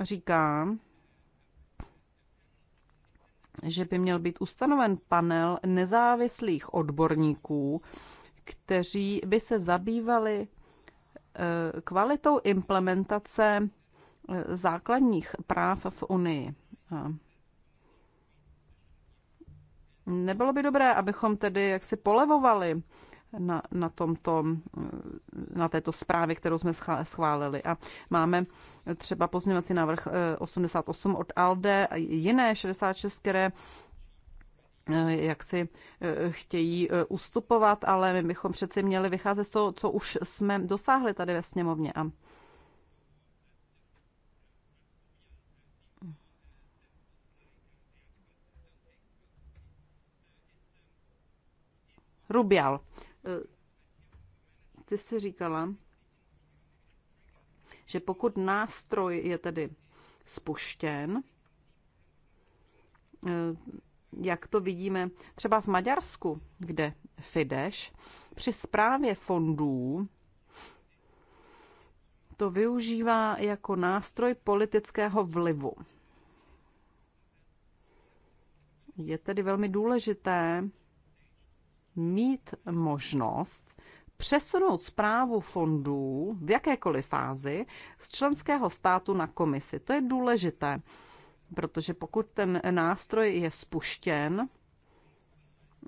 říká, že by měl být ustanoven panel nezávislých odborníků, kteří by se zabývali eh, kvalitou implementace eh, základních práv v Unii. Nebylo by dobré, abychom tedy jaksi polevovali na, na, tomto, eh, na této zprávě, kterou jsme schválili. A máme třeba pozměňovací návrh 88 eh, od ALDE a jiné 66, které eh, jak si chtějí ustupovat, ale my bychom přeci měli vycházet z toho, co už jsme dosáhli tady ve sněmovně. A Rubial. Eh, ty jsi říkala, že pokud nástroj je tedy spuštěn, eh, jak to vidíme třeba v Maďarsku, kde Fidesz při správě fondů to využívá jako nástroj politického vlivu. Je tedy velmi důležité mít možnost přesunout zprávu fondů v jakékoliv fázi z členského státu na komisi. To je důležité, protože pokud ten nástroj je spuštěn,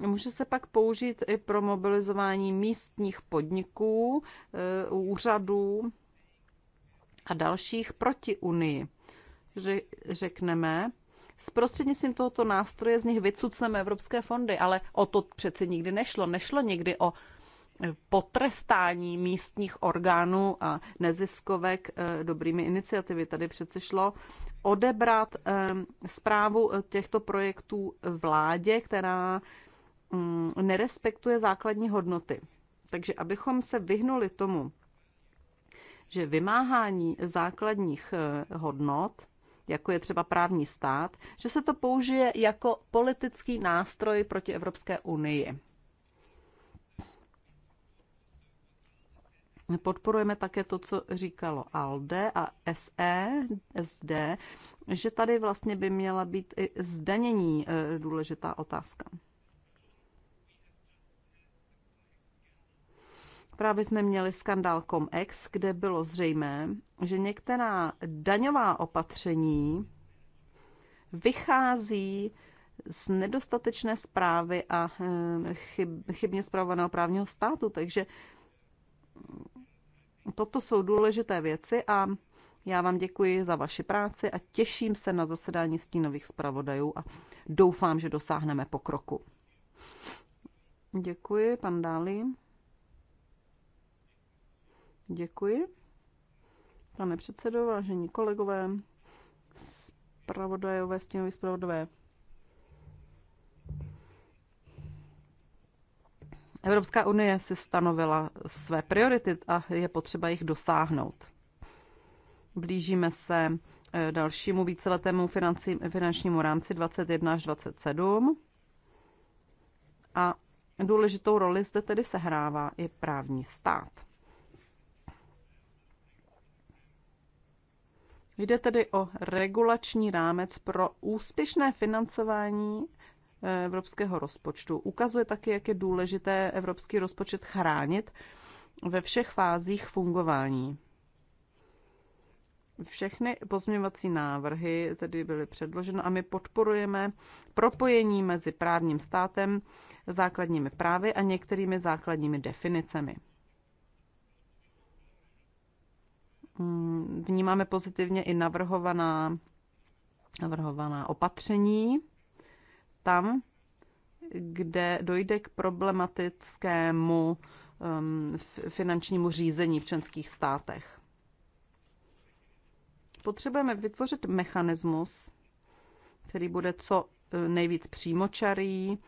Může se pak použít i pro mobilizování místních podniků, eh, úřadů a dalších proti Unii. Řekneme, s prostřednictvím tohoto nástroje z nich vycucneme evropské fondy, ale o to přece nikdy nešlo. Nešlo nikdy o eh, potrestání místních orgánů a neziskovek eh, dobrými iniciativy. Tady přece šlo odebrat eh, zprávu těchto projektů vládě, která mm, nerespektuje základní hodnoty. Takže abychom se vyhnuli tomu, že vymáhání základních hodnot jako je třeba právní stát, že se to použije jako politický nástroj proti Evropské unii. Podporujeme také to, co říkalo ALDE a SE, SD, že tady vlastně by měla být i zdanění e, důležitá otázka. Právě jsme měli skandál ComEx, kde bylo zřejmé, že některá daňová opatření vychází z nedostatečné zprávy a eh, chyb, chybně zpravovaného právního státu. Takže toto jsou důležité věci a já vám děkuji za vaši práci a těším se na zasedání stínových zpravodajů a doufám, že dosáhneme pokroku. Děkuji, pan Dálí. Děkuji. Pane předsedo, vážení kolegové, zpravodajové, stěnoví zpravodajové. Evropská unie si stanovila své priority a je potřeba jich dosáhnout. Blížíme se eh, dalšímu víceletému financí, finančnímu rámci 21 až 27 a důležitou roli zde tedy sehrává i právní stát. Jde tedy o regulační rámec pro úspěšné financování eh, evropského rozpočtu. Ukazuje taky, jak je důležité evropský rozpočet chránit ve všech fázích fungování. Všechny pozměňovací návrhy tedy byly předloženy a my podporujeme propojení mezi právním státem, základními právy a některými základními definicemi. Mm, vnímáme pozitivně i navrhovaná, navrhovaná opatření tam, kde dojde k problematickému um, finančnímu řízení v členských státech. Potřebujeme vytvořit mechanismus, který bude co e, nejvíc přímočarý,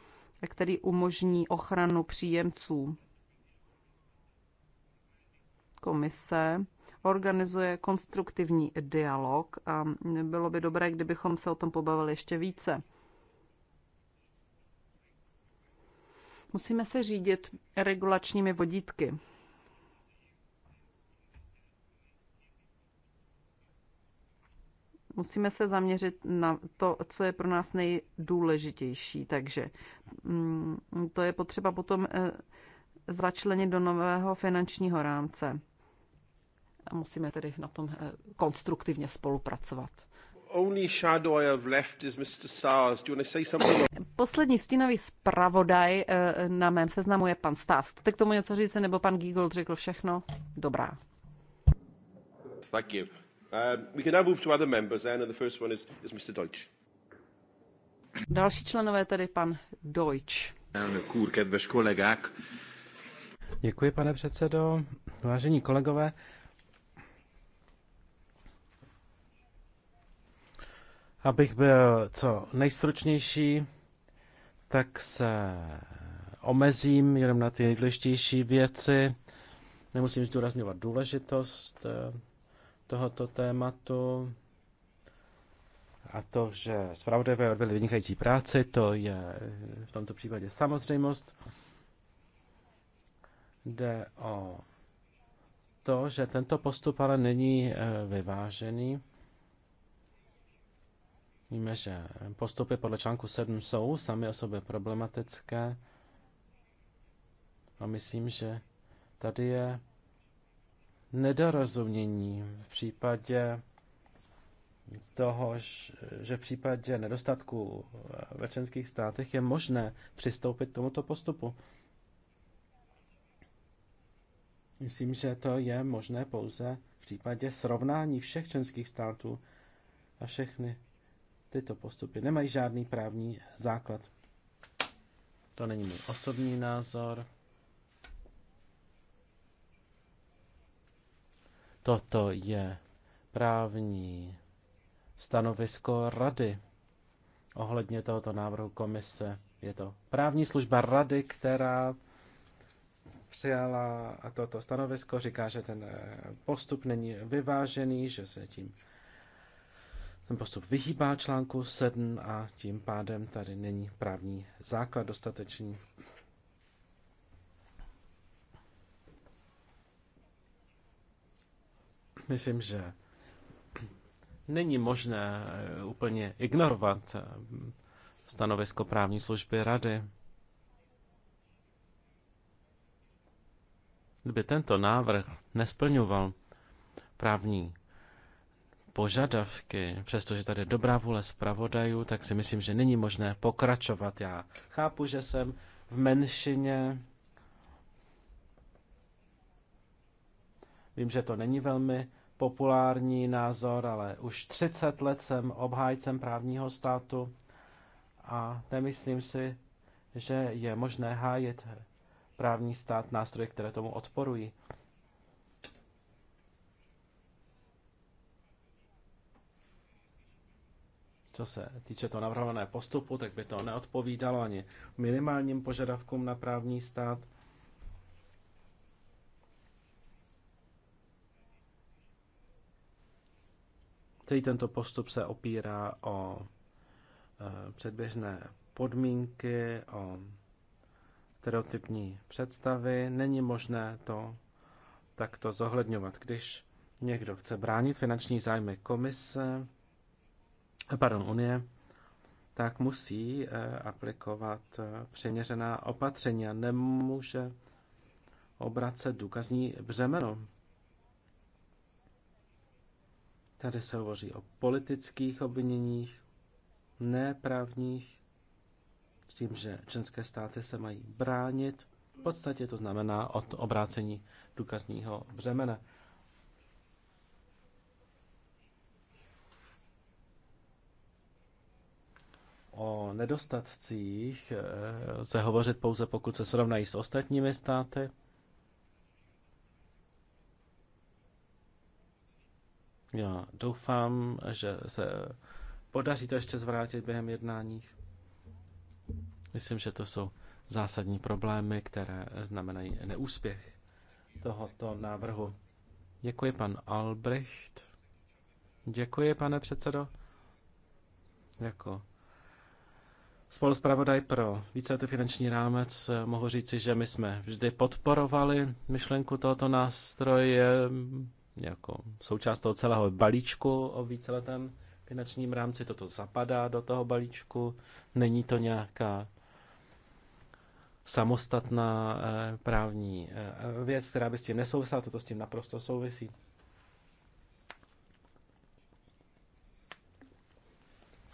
který umožní ochranu příjemců. Komise organizuje konstruktivní dialog a bylo by dobré, kdybychom se o tom pobavili ještě více. Musíme se řídit regulačními vodítky. musíme se zaměřit na to, co je pro nás nejdůležitější. Takže mm, to je potřeba potom eh, začlenit do nového finančního rámce a musíme tedy na tom eh, konstruktivně spolupracovat. Poslední stínový zpravodaj eh, na mém seznamu je pan Stas. Tak tomu něco říct, nebo pan Giegold řekl všechno? Dobrá. Thank you. Um, we can now move to other members then, and the first one is, is Mr. Deutsch. Další členové tedy pan Deutsch. kolegák. Děkuji, pane předsedo. Vážení kolegové, Abych byl co nejstručnější, tak se omezím jenom na ty nejdůležitější věci. Nemusím zdůrazňovat důležitost eh, tohoto tématu a to, že zpravodajové odvedli vynikající práci, to je eh, v tomto případě samozřejmost. Jde o to, že tento postup ale není eh, vyvážený. Víme, že postupy podle článku 7 jsou sami o sobě problematické a myslím, že tady je nedorozumění v případě toho, že v případě nedostatku ve členských státech je možné přistoupit k tomuto postupu. Myslím, že to je možné pouze v případě srovnání všech členských států a všechny Tyto postupy nemají žádný právní základ. To není můj osobní názor. Toto je právní stanovisko rady ohledně tohoto návrhu komise. Je to právní služba rady, která přijala toto stanovisko, říká, že ten postup není vyvážený, že se tím ten postup vyhýbá článku 7 a tím pádem tady není právní základ dostatečný. Myslím, že není možné eh, úplně ignorovat eh, stanovisko právní služby rady. Kdyby tento návrh nesplňoval právní požadavky, přestože tady je dobrá vůle zpravodajů, tak si myslím, že není možné pokračovat. Já chápu, že jsem v menšině. Vím, že to není velmi populární názor, ale už 30 let jsem obhájcem právního státu a nemyslím si, že je možné hájit právní stát nástroje, které tomu odporují. Co se týče toho navrhované postupu, tak by to neodpovídalo ani minimálním požadavkům na právní stát. Tedy tento postup se opírá o eh, předběžné podmínky, o stereotypní představy. Není možné to takto zohledňovat, když někdo chce bránit finanční zájmy komise, pardon, Unie, tak musí eh, aplikovat eh, přeměřená opatření a nemůže obracet důkazní břemeno. Tady se hovoří o politických obviněních, neprávních, s tím, že členské státy se mají bránit. V podstatě to znamená od obrácení důkazního břemena. O nedostatcích se eh, hovořit pouze pokud se srovnají s ostatními státy. Já doufám, že se podaří to ještě zvrátit během jednání. Myslím, že to jsou zásadní problémy, které znamenají neúspěch tohoto návrhu. Děkuji, pan Albrecht. Děkuji, pane předsedo. Jako spoluzpravodaj pro víceletý finanční rámec, eh, mohu říci, že my jsme vždy podporovali myšlenku tohoto nástroje jako součást toho celého balíčku o víceletém finančním rámci. Toto zapadá do toho balíčku, není to nějaká samostatná eh, právní eh, věc, která by s tím nesouvisela, toto s tím naprosto souvisí.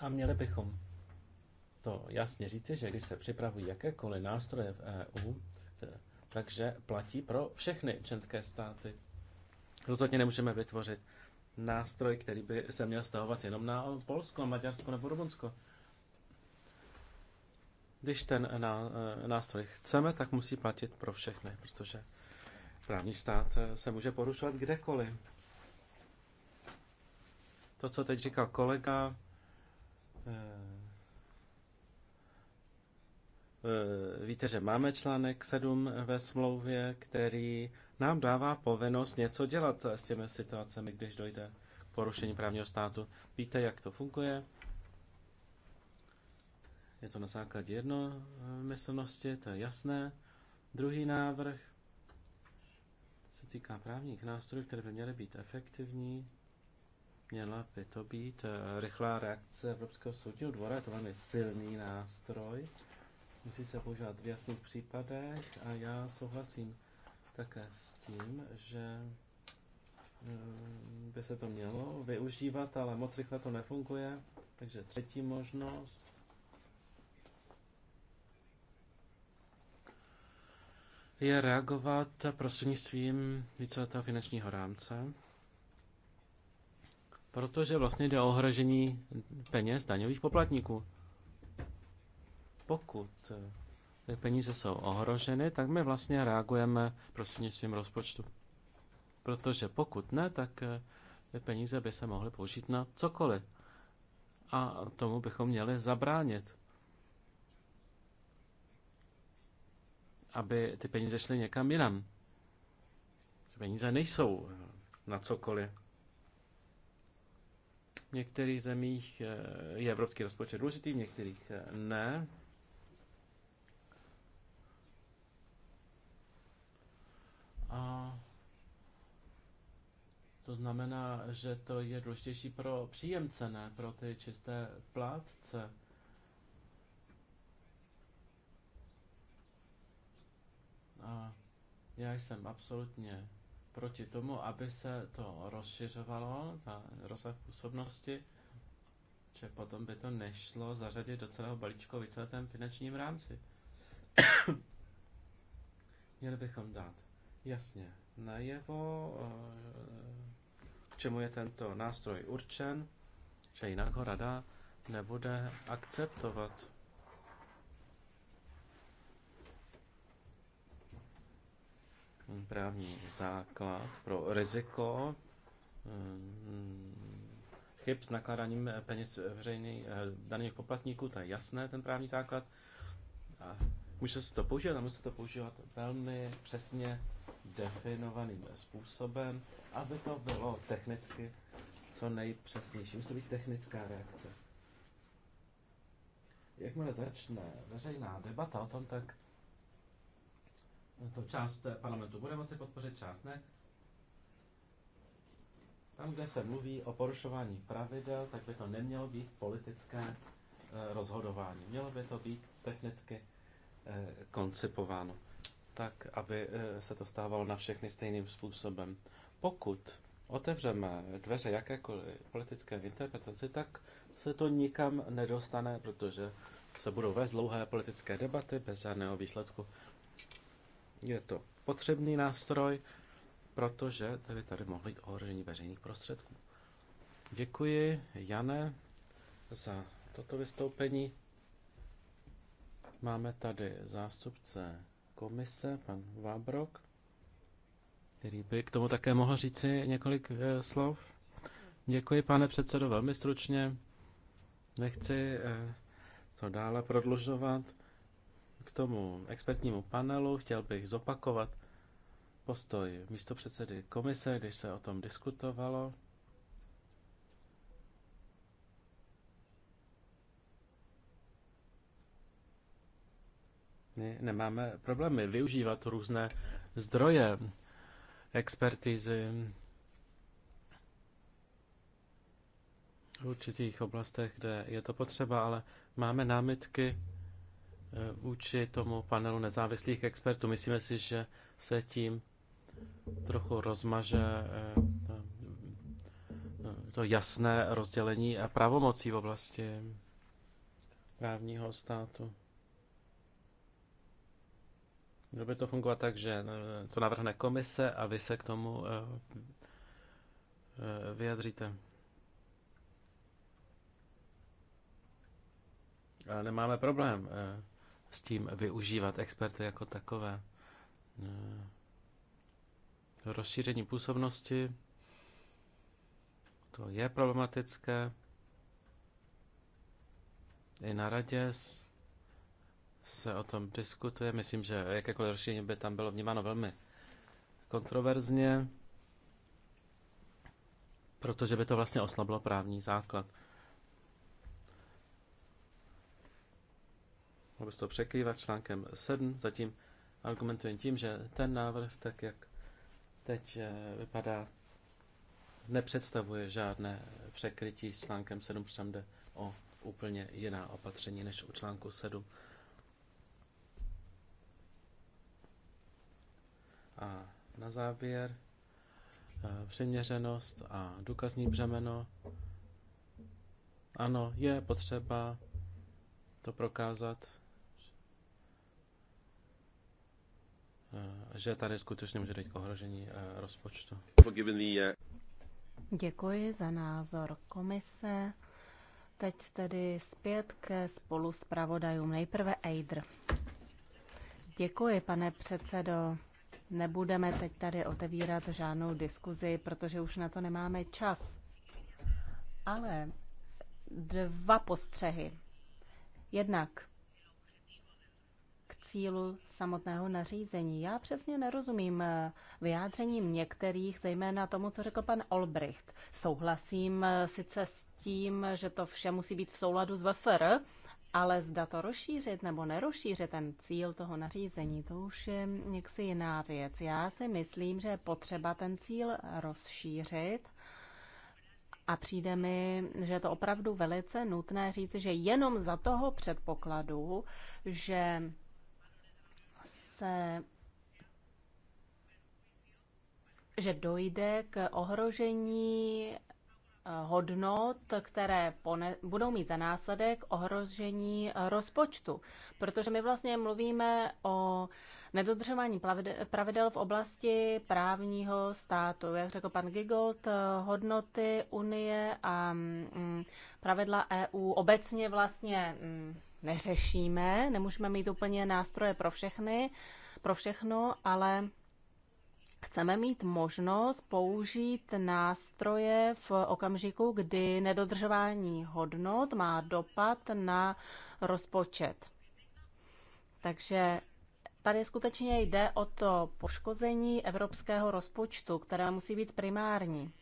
A měli bychom to jasně říci, že když se připravují jakékoliv nástroje v EU, takže platí pro všechny členské státy. Rozhodně nemůžeme vytvořit nástroj, který by se měl stahovat jenom na Polsko, Maďarsko nebo Rumunsko. Když ten e, nástroj chceme, tak musí platit pro všechny, protože právní stát e, se může porušovat kdekoliv. To, co teď říkal kolega, e, Eh, víte, že máme článek 7 ve smlouvě, který nám dává povinnost něco dělat s těmi situacemi, když dojde k porušení právního státu. Víte, jak to funguje? Je to na základě jednomyslnosti, to je jasné. Druhý návrh se týká právních nástrojů, které by měly být efektivní. Měla by to být eh, rychlá reakce Evropského soudního dvora, je to velmi silný nástroj Musí se používat v jasných případech a já souhlasím také s tím, že eh, by se to mělo využívat, ale moc rychle to nefunguje. Takže třetí možnost. je reagovat prostřednictvím víceletého finančního rámce, protože vlastně jde o ohrožení peněz daňových poplatníků. Pokud eh, ty peníze jsou ohroženy, tak my vlastně reagujeme prostřednictvím rozpočtu. Protože pokud ne, tak eh, ty peníze by se mohly použít na cokoliv. A tomu bychom měli zabránit. Aby ty peníze šly někam jinam. Peníze nejsou eh, na cokoliv. V některých zemích je evropský rozpočet důležitý, v některých ne. A to znamená, že to je důležitější pro příjemce, ne pro ty čisté plátce. A já jsem absolutně proti tomu, aby se to rozšiřovalo, ta rozsah působnosti, že potom by to nešlo zařadit do celého balíčku v finančním rámci. Měli bychom dát jasně najevo, eh, k čemu je tento nástroj určen, že jinak ho rada nebude akceptovat. Právní základ pro riziko eh, chyb s nakládáním peněz veřejných eh, daných poplatníků, to je jasné, ten právní základ. A může se to používat a musí se to používat velmi přesně definovaným způsobem, aby to bylo technicky co nejpřesnější. Musí to být technická reakce. Jakmile začne veřejná debata o tom, tak to část parlamentu bude moci podpořit, část ne. Tam, kde se mluví o porušování pravidel, tak by to nemělo být politické eh, rozhodování. Mělo by to být technicky eh, koncipováno tak aby eh, se to stávalo na všechny stejným způsobem. Pokud otevřeme dveře jakékoliv politické interpretaci, tak se to nikam nedostane, protože se budou vést dlouhé politické debaty bez žádného výsledku. Je to potřebný nástroj, protože tady, tady mohli být ohrožení veřejných prostředků. Děkuji, Jane, za toto vystoupení. Máme tady zástupce komise, pan Vábrok, který by k tomu také mohl říci několik e, slov. Děkuji, pane předsedo, velmi stručně. Nechci e, to dále prodlužovat. K tomu expertnímu panelu chtěl bych zopakovat postoj předsedy komise, když se o tom diskutovalo. My nemáme problémy využívat různé zdroje, expertizy v určitých oblastech, kde je to potřeba, ale máme námitky eh, vůči tomu panelu nezávislých expertů. Myslíme si, že se tím trochu rozmaže eh, eh, to jasné rozdělení a pravomocí v oblasti právního státu. Mělo by to fungovat tak, že eh, to navrhne komise a vy se k tomu eh, eh, vyjadříte. Ale nemáme problém s tím využívat experty jako takové. Rozšíření působnosti, to je problematické. I na radě se o tom diskutuje. Myslím, že jakékoliv rozšíření by tam bylo vnímáno velmi kontroverzně, protože by to vlastně oslabilo právní základ. Mohl to překrývat článkem 7, zatím argumentuji tím, že ten návrh, tak jak teď eh, vypadá, nepředstavuje žádné překrytí s článkem 7, protože tam jde o úplně jiná opatření než u článku 7. na závěr eh, přiměřenost a důkazní břemeno. Ano, je potřeba to prokázat, eh, že tady skutečně může dojít k ohrožení eh, rozpočtu. Děkuji za názor komise. Teď tedy zpět ke spolu s pravodajům. Nejprve Eidr. Děkuji, pane předsedo. Nebudeme teď tady otevírat žádnou diskuzi, protože už na to nemáme čas. Ale dva postřehy. Jednak k cílu samotného nařízení. Já přesně nerozumím vyjádřením některých, zejména tomu, co řekl pan Olbricht. Souhlasím sice s tím, že to vše musí být v souladu s VFR, ale zda to rozšířit nebo nerozšířit ten cíl toho nařízení, to už je jaksi jiná věc. Já si myslím, že je potřeba ten cíl rozšířit a přijde mi, že je to opravdu velice nutné říci, že jenom za toho předpokladu, že se že dojde k ohrožení hodnot, které pone, budou mít za následek ohrožení rozpočtu. Protože my vlastně mluvíme o nedodržování pravidel v oblasti právního státu. Jak řekl pan Gigold, hodnoty Unie a mm, pravidla EU obecně vlastně mm, neřešíme, nemůžeme mít úplně nástroje pro všechny, pro všechno, ale chceme mít možnost použít nástroje v okamžiku, kdy nedodržování hodnot má dopad na rozpočet. Takže tady skutečně jde o to poškození evropského rozpočtu, které musí být primární.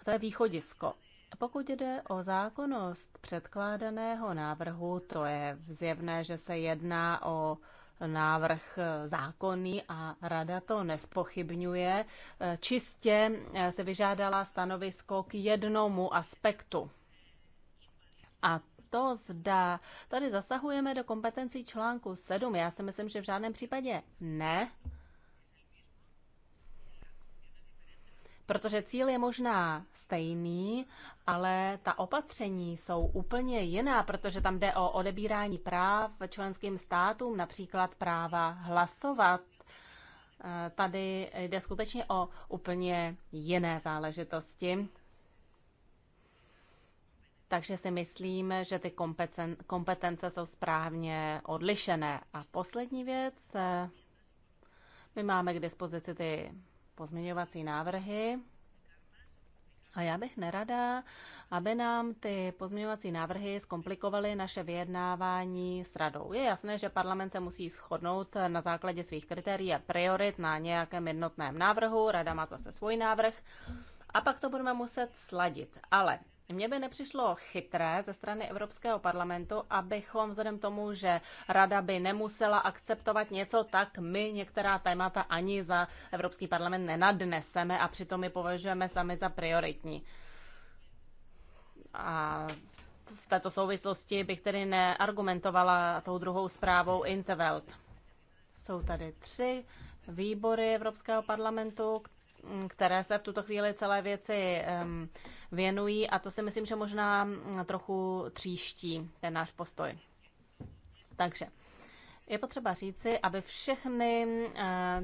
A to je východisko. Pokud jde o zákonnost předkládaného návrhu, to je zjevné, že se jedná o návrh eh, zákonný a rada to nespochybňuje. Eh, čistě eh, se vyžádala stanovisko k jednomu aspektu. A to zda tady zasahujeme do kompetencí článku 7. Já si myslím, že v žádném případě ne. protože cíl je možná stejný, ale ta opatření jsou úplně jiná, protože tam jde o odebírání práv členským státům, například práva hlasovat. Eh, tady jde skutečně o úplně jiné záležitosti. Takže si myslím, že ty kompetence jsou správně odlišené. A poslední věc, eh, my máme k dispozici ty pozměňovací návrhy. A já bych nerada, aby nám ty pozměňovací návrhy zkomplikovaly naše vyjednávání s radou. Je jasné, že parlament se musí shodnout na základě svých kritérií a priorit na nějakém jednotném návrhu, rada má zase svůj návrh a pak to budeme muset sladit. Ale mně by nepřišlo chytré ze strany Evropského parlamentu, abychom vzhledem tomu, že rada by nemusela akceptovat něco, tak my některá témata ani za Evropský parlament nenadneseme a přitom je považujeme sami za prioritní. A v této souvislosti bych tedy neargumentovala tou druhou zprávou Intervelt. Jsou tady tři výbory Evropského parlamentu, které se v tuto chvíli celé věci věnují a to si myslím, že možná trochu tříští ten náš postoj. Takže je potřeba říci, aby všechny eh,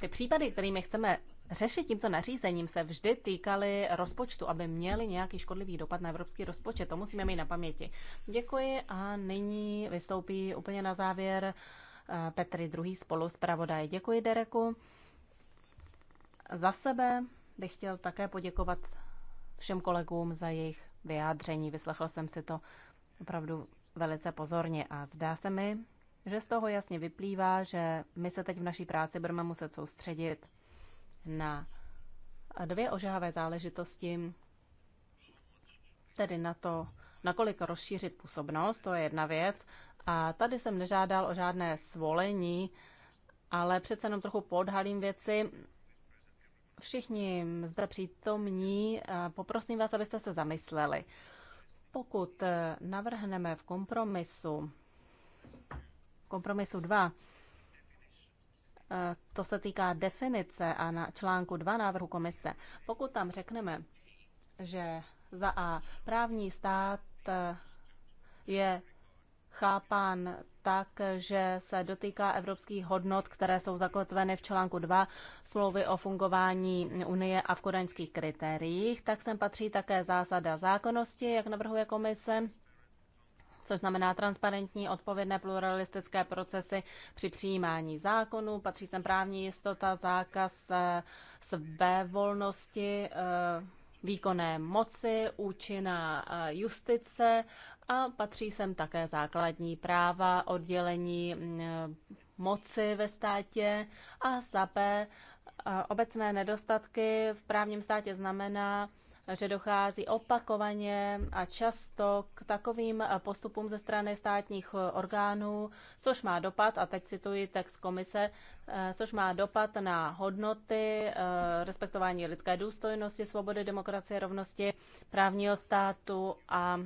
ty případy, kterými chceme řešit tímto nařízením, se vždy týkaly rozpočtu, aby měly nějaký škodlivý dopad na evropský rozpočet. To musíme mít na paměti. Děkuji a nyní vystoupí úplně na závěr eh, Petry druhý spolu zpravodaj. Děkuji, Dereku. Za sebe bych chtěl také poděkovat všem kolegům za jejich vyjádření. Vyslechl jsem si to opravdu velice pozorně a zdá se mi, že z toho jasně vyplývá, že my se teď v naší práci budeme muset soustředit na dvě ožahavé záležitosti, tedy na to, nakolik rozšířit působnost, to je jedna věc. A tady jsem nežádal o žádné svolení, ale přece jenom trochu podhalím věci všichni zde přítomní, poprosím vás, abyste se zamysleli. Pokud eh, navrhneme v kompromisu, kompromisu 2, eh, to se týká definice a na článku 2 návrhu komise. Pokud tam řekneme, že za A právní stát eh, je chápán tak, že se dotýká evropských hodnot, které jsou zakotveny v článku 2 smlouvy o fungování Unie a v kodaňských kritériích, tak sem patří také zásada zákonnosti, jak navrhuje komise, což znamená transparentní, odpovědné pluralistické procesy při přijímání zákonů. Patří sem právní jistota, zákaz eh, své volnosti, eh, výkonné moci, účinná eh, justice a patří sem také základní práva, oddělení moci ve státě a za B obecné nedostatky v právním státě znamená, že dochází opakovaně a často k takovým postupům ze strany státních orgánů, což má dopad, a teď cituji text komise, e, což má dopad na hodnoty, e, respektování lidské důstojnosti, svobody, demokracie, rovnosti, právního státu a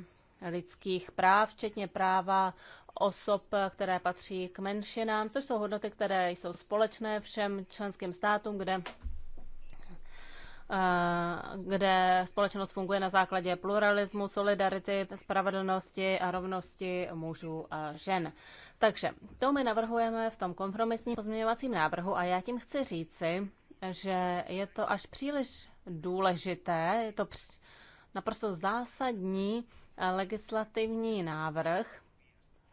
lidských práv, včetně práva osob, které patří k menšinám, což jsou hodnoty, které jsou společné všem členským státům, kde eh, kde společnost funguje na základě pluralismu, solidarity, spravedlnosti a rovnosti mužů a žen. Takže to my navrhujeme v tom kompromisním pozměňovacím návrhu a já tím chci říci, že je to až příliš důležité, je to naprosto zásadní legislativní návrh,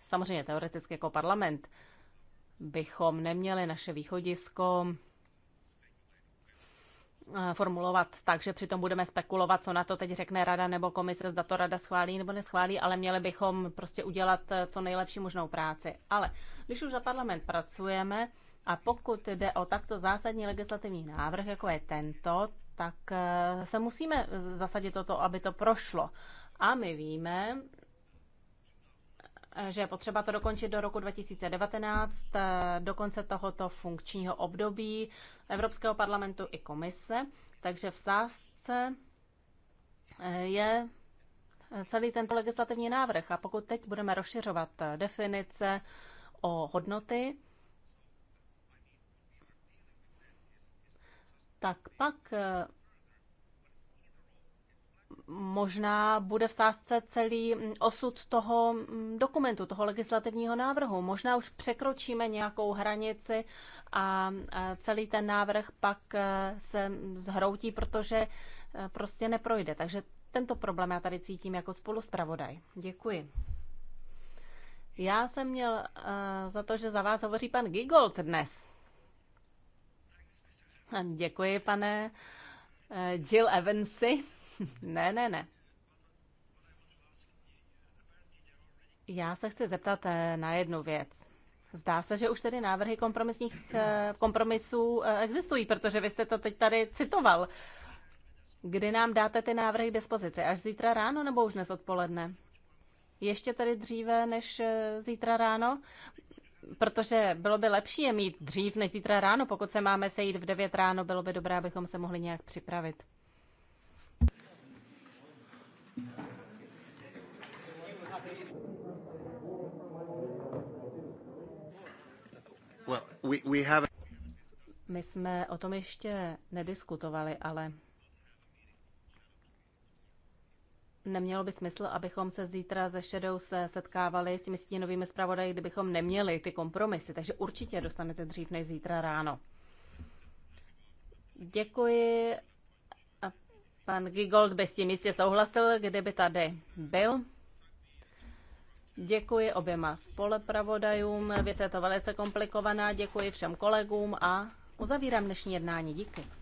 samozřejmě teoreticky jako parlament, bychom neměli naše východisko eh, formulovat tak, že přitom budeme spekulovat, co na to teď řekne rada nebo komise, zda to rada schválí nebo neschválí, ale měli bychom prostě udělat eh, co nejlepší možnou práci. Ale když už za parlament pracujeme a pokud jde o takto zásadní legislativní návrh, jako je tento, tak eh, se musíme zasadit o to, aby to prošlo. A my víme, že je potřeba to dokončit do roku 2019, eh, do konce tohoto funkčního období Evropského parlamentu i komise. Takže v sázce eh, je celý tento legislativní návrh. A pokud teď budeme rozšiřovat eh, definice o hodnoty, tak pak možná bude v sázce celý mm, osud toho mm, dokumentu, toho legislativního návrhu. Možná už překročíme nějakou hranici a celý ten návrh pak e, se zhroutí, protože e, prostě neprojde. Takže tento problém já tady cítím jako spoluspravodaj. Děkuji. Já jsem měl e, za to, že za vás hovoří pan Gigold dnes. Děkuji, pane Jill Evansy. ne, ne, ne. Já se chci zeptat eh, na jednu věc. Zdá se, že už tedy návrhy kompromisních eh, kompromisů eh, existují, protože vy jste to teď tady citoval. Kdy nám dáte ty návrhy k dispozici? Až zítra ráno nebo už dnes odpoledne? Ještě tedy dříve než zítra ráno? Protože bylo by lepší je mít dřív než zítra ráno. Pokud se máme sejít v 9 ráno, bylo by dobré, abychom se mohli nějak připravit. My jsme o tom ještě nediskutovali, ale nemělo by smysl, abychom se zítra ze Shadow se setkávali s těmi stínovými zpravodaji, kdybychom neměli ty kompromisy. Takže určitě dostanete dřív než zítra ráno. Děkuji. A pan Gigold by s tím jistě souhlasil, kdyby tady byl. Děkuji oběma spolepravodajům, věc je to velice komplikovaná, děkuji všem kolegům a uzavírám dnešní jednání. Díky.